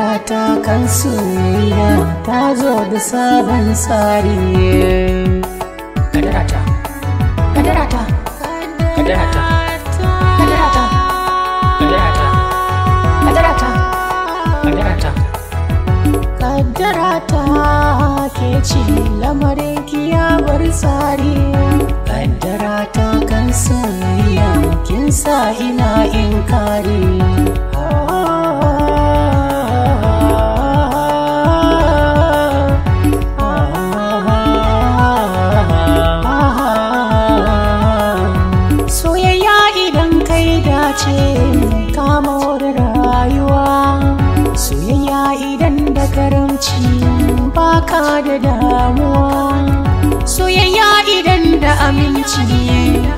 rata kan soyayya ta zo da sabon tsari kadarata kadarata kadarata kadarata kadarata kadarata kadarata ke ce lamarin kiyabar tsari kadarata kan soyayya kin sa ina inkari karamci baka da damuwa soyayya idan da aminci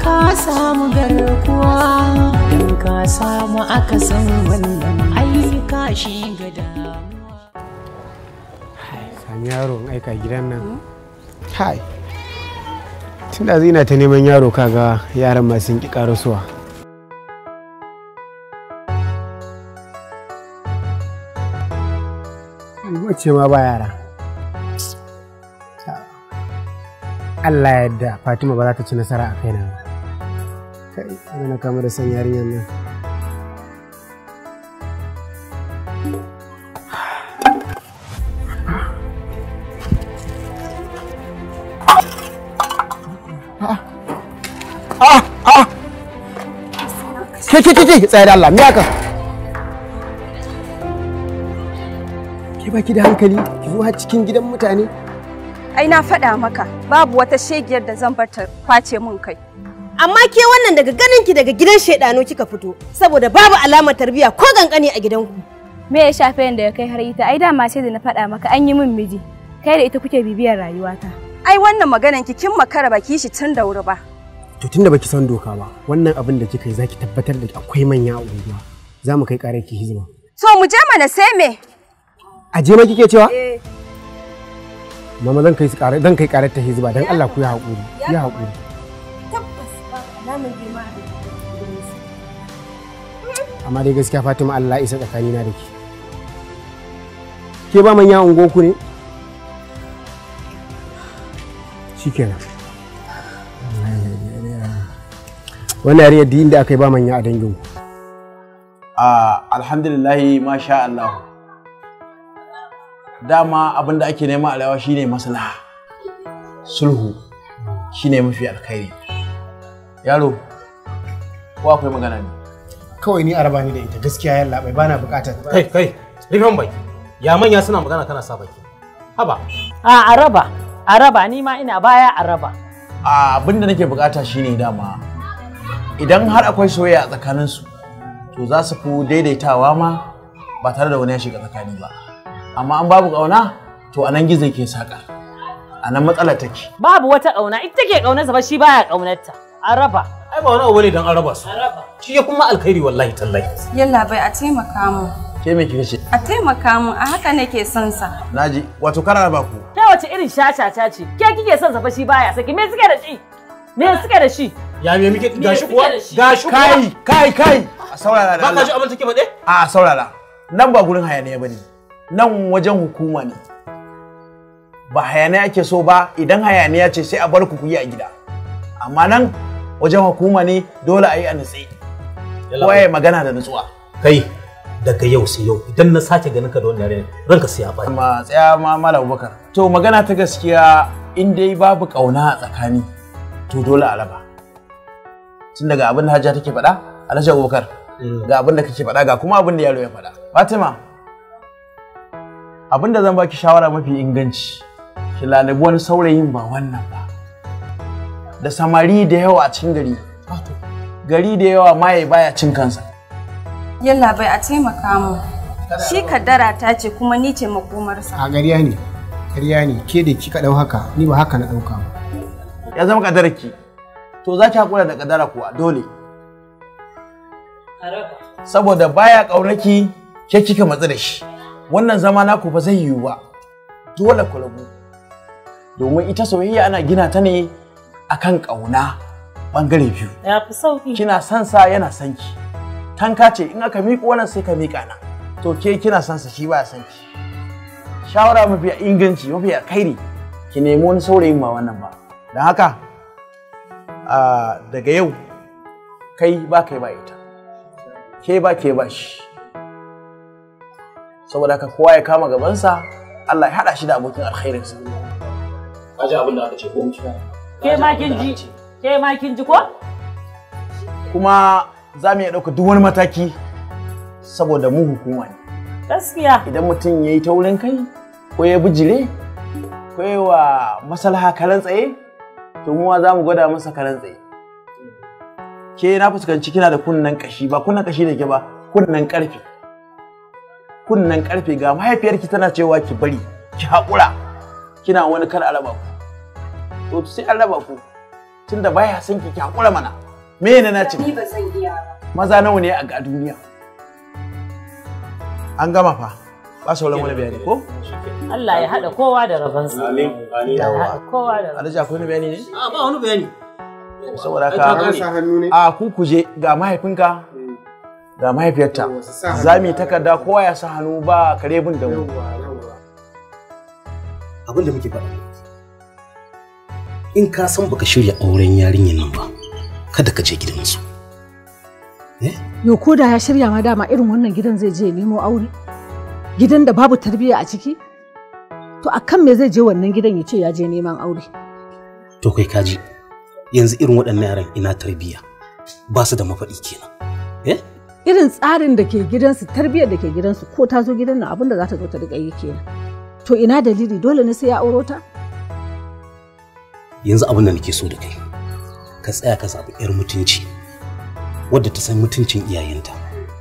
ka samu garkuwa don ka samu aka san wannan aika shi ga damuwa yaro in aika gidan nan hmm? hai tun zina ta neman yaro kaga yaran masu ƙi ƙarasuwa mace ma ba yara Allah ya yarda Fatima ba za ta ci nasara a kaina ba kai na kama da san yarinyar nan ah, ah, ah, ke ke ke ke da Allah Ki baki da hankali, ki zo cikin gidan mutane. Ai na faɗa maka, babu wata shegiyar da zan bar ta kwace mun kai. Amma ke wannan daga ganin ki daga gidan shedano kika fito, saboda babu alamar tarbiyya ko gankani a gidanku. Me ya shafe yanda ya kai har ita? Ai dama sai da na faɗa maka an yi min miji. Kai da ita kuke bibiyar rayuwata. Ai wannan maganan ki kin makara baki shi tun da wuri ba. To tunda baki san doka ba, wannan abin da kika yi zaki tabbatar da akwai manya a unguwa. Za mu kai ƙarar ki hizima. To mu je mana sai me? a ma kike cewa eh. mama zan kai su ƙarar zan kai ƙarar ta hizba dan Allah ku ya haƙuri ya haƙuri tabbas ba amma dai gaskiya Fatima Allah isa tsakani na da ke ke ba manya ungo ku ne shikenan wannan yariyar da aka yi ba manya a dangin ku. Ah, alhamdulillah masha Allah dama abin da ake nema a rayuwa shine maslaha sulhu shine mafi alkhairi yaro ko akwai magana ne kawai ni araba ni da ita gaskiya yalla bai bana bukata kai kai rifan baki ya manya suna magana kana sa baki haba a araba araba ni ma ina baya araba a abinda nake bukata shine dama idan har akwai soyayya a tsakaninsu to za su fi daidaitawa ma ba tare da wani ya shiga tsakani ba amma an babu ƙauna to anan gizo ke saƙa anan matsala take babu wata ƙauna ita take ƙaunarsa ba shi baya ƙaunarta an raba ai ba wani abu bane dan an raba su shi ya kuma alkhairi wallahi tallahi yalla bai a taimaka mu ke me kike ce a taimaka mu a haka nake son sa naji wato kana raba ku kai wace irin shashata ce ke kike son sa fa shi baya saki me suke da shi me suke da shi ya me muke gashi kuwa gashi kai kai kai a saurara da Allah ba ka ji abin take faɗe a saurara nan ba gurin hayaniya bane nan wajen hukuma ne ba hayaniya ake so ba idan hayaniya ce sai a bar ku kuyi a gida amma nan wajen hukuma ne dole a yi a nutse kowa ya magana da nutsuwa kai daga yau sai yau idan na sake ganin ka da wannan yaren ranka sai ya bani ma tsaya ma malam bakar to magana ta gaskiya in dai babu kauna a tsakani to dole a raba tun daga abin da hajja take faɗa alhaji abubakar mm. ga abin da kake faɗa ga kuma abin da yaro ya faɗa fatima abin da zan baki shawara mafi inganci ki lalabi wani saurayin ba wannan ba da samari da yawa a cikin gari gari da yawa maye baya cin kansa yalla bai a taimaka mu shi kaddara ta ce kuma ni ce makomarsa a gariya ne gariya ne ke da kika dau haka ni ba haka na dauka ba ya zama kaddara ki to za ki hakura da kaddara kuwa dole saboda baya kaunaki ke kika matsi da shi wannan zama naku ba zai yiwu ba dole ku rabu domin ita soyayya ana gina ta ne akan ƙauna bangare biyu yafi sauki kina son sa yana son ki tanka ce in aka miƙo wannan sai ka miƙa na to ke kina son sa shi ba son ki shawara mafi inganci mafi alkhairi ki nemi wani saurayin ma wannan ba don haka daga yau kai ba kai ba ita ke ba ke ba shi saboda haka kowa ya kama gabansa Allah ya haɗa shi da abokin alkhairinsa. Ka ji abin da aka ce ko Ke ma kin ji, ke ma kin ji ko? Kuma za mu iya ɗauka duk wani mataki saboda mu hukuma ne. Gaskiya. Idan mutum ya yi taurin kai ko ya bijire ko ya wa masalaha karan tsaye to muwa za mu gwada masa karan tsaye. Ke na fuskanci kina da kunnen kashi ba kunnen kashi da ke ba kunnen karfe. kunnan karfe ga mahaifiyarki tana cewa ki bari ki haƙura kina wani kar a raba ku to sai an raba ku tunda baya son ki ki haƙura mana me ne na ci ni ba san iya maza nawa ne a ga duniya an gama fa ba sauran wani bayani ko Allah ya hada kowa da rabansa amin amin kowa da rabansa akwai wani bayani ne a ba wani bayani saboda ka a ku kuje ga mahaifinka ga mahaifiyarta za mu yi takarda kowa ya sa hannu ba kare bin da mu abin muke faɗa in ka san baka shirya auren yarinyar nan ba kada ka je su. Eh? yo ko da ya shirya ma dama irin wannan gidan zai je nemo aure gidan da babu tarbiyya a ciki to a kan me zai je wannan gidan ya ce ya je neman aure to kai kaji yanzu irin waɗannan yaran ina tarbiyya ba su da mafaɗi kenan eh irin tsarin da ke gidansu tarbiyyar da ke gidansu ko ta zo gidan nan abinda za ta zo ta riƙa yi kenan to ina dalili dole ne sai ya auro ta yanzu abin da nake so da kai ka tsaya ka zaɓi 'yar mutunci wadda ta san mutuncin iyayenta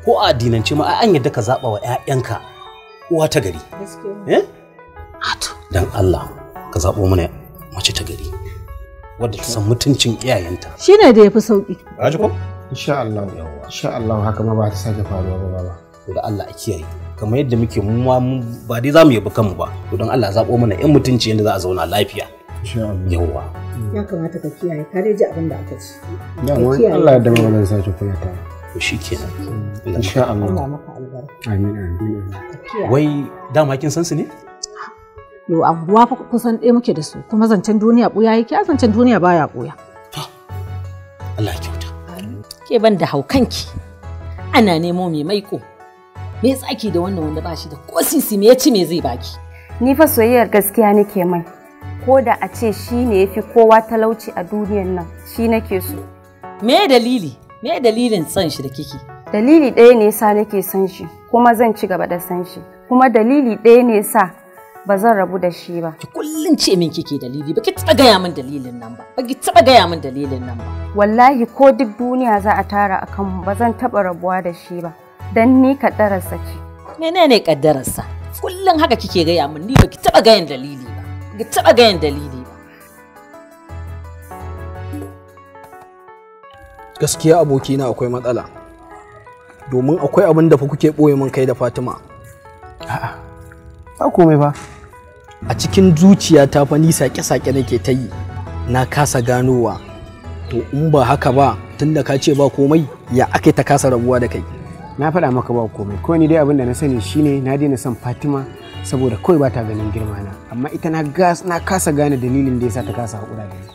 ko a addinance ma an yadda ka zaɓa wa 'ya'yanka uwa ta gari eh? dan Allah ka zaɓo mana mace ta gari wadda ta san mutuncin iyayenta shine da ya fi sauƙi ko insha Allah yawa insha Allah haka ma ba ta sake faruwa ba ba to da Allah a kiyaye kamar yadda muke mu ma ba dai zamu yabi kanmu ba to don Allah zabo mana yan mutunci yadda za a zauna lafiya insha Allah yawa ya kamata ka kiyaye ka dai ji abin da aka ci ya wani Allah ya dama wannan sake kula ta to shikenan insha Allah Allah maka albarka amin amin wai dama kin san su ne Yau anguwa fa kusan ɗaya muke da su kuma zancen duniya ɓuya yake a zancen duniya baya ɓuya. Allah ya ke ban da haukanki ana nemo mai maiko me tsaki da wannan wanda bashi da ko sisi me ya ci me zai baki ni fa soyayyar gaskiya nake mai ko da a ce shi ne yafi kowa talauci a duniyar nan shi nake so me dalili me dalilin san shi da kiki dalili ɗaya ne yasa nake san shi kuma zan ci gaba da san shi kuma dalili ɗaya ne yasa ba zan rabu da shi ba ki kullun ce min kike dalili ba ki taɓa gaya min dalilin nan ba ba ki taɓa gaya min dalilin nan ba wallahi ko duk duniya za a tara a kanmu ba zan taɓa rabuwa da shi ba don ni kaddararsa ce Mene ne kaddararsa kullum haka kike gaya min ni ba ki taɓa gayan dalili ba ki taɓa gayan dalili ba gaskiya abokina akwai matsala domin akwai abin da fa kuke ɓoye min kai da fatima a'a ba komai ba a cikin zuciya ta fa ni sake-sake nake ta yi na kasa ganowa to in ba haka ba tunda ka ce ba komai ya aka ta kasa rabuwa da kai na faɗa maka ba komai ko ni dai abin da na sani shine na daina son fatima saboda kawai ba ta ganin girma na amma ita na gas na kasa gane dalilin da yasa ta kasa haƙura da ni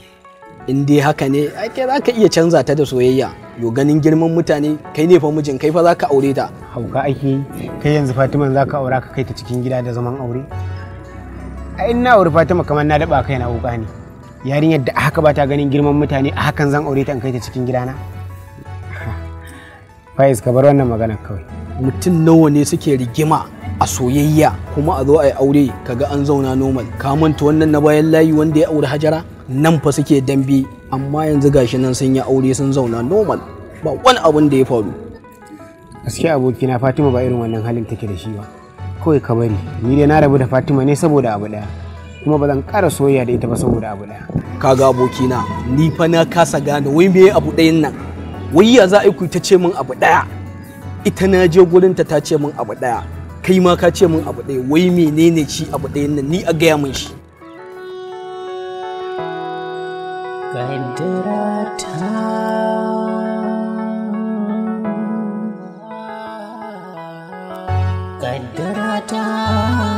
in dai haka ne ake za ka iya canza ta da soyayya yo ganin girman mutane kai ne fa mijin kai fa za ka aure ta hauka ake kai yanzu fatima za ka aura ka kai ta cikin gida da zaman aure a ina aure fatima kamar na daɓa kai na wuka ne yarinyar da haka ba ta ganin girman mutane a hakan zan aure ta in kai ta cikin gidana faiz ka bar wannan magana kawai mutum nawa ne suke rigima a soyayya kuma a zo a yi aure kaga an zauna normal ka manta wannan na bayan layi wanda ya aure hajara nan fa suke dambe amma yanzu gashi nan sun yi aure sun zauna normal ba wani abun da ya faru gaskiya abokina fatima ba irin wannan halin take da shi ba kawai ka bari ni dai na rabu da fatima ne saboda abu daya kuma ba zan ƙara soyayya da ita ba saboda abu ɗaya. kaga abokina ni fa na kasa gane wai me abu ɗayan nan wai ya za ku ta ce min abu ɗaya ita na je gurin ta ta ce min abu ɗaya kai ma ka ce min abu ɗaya wai menene shi abu ɗayan nan ni a gaya min shi Kaddara ta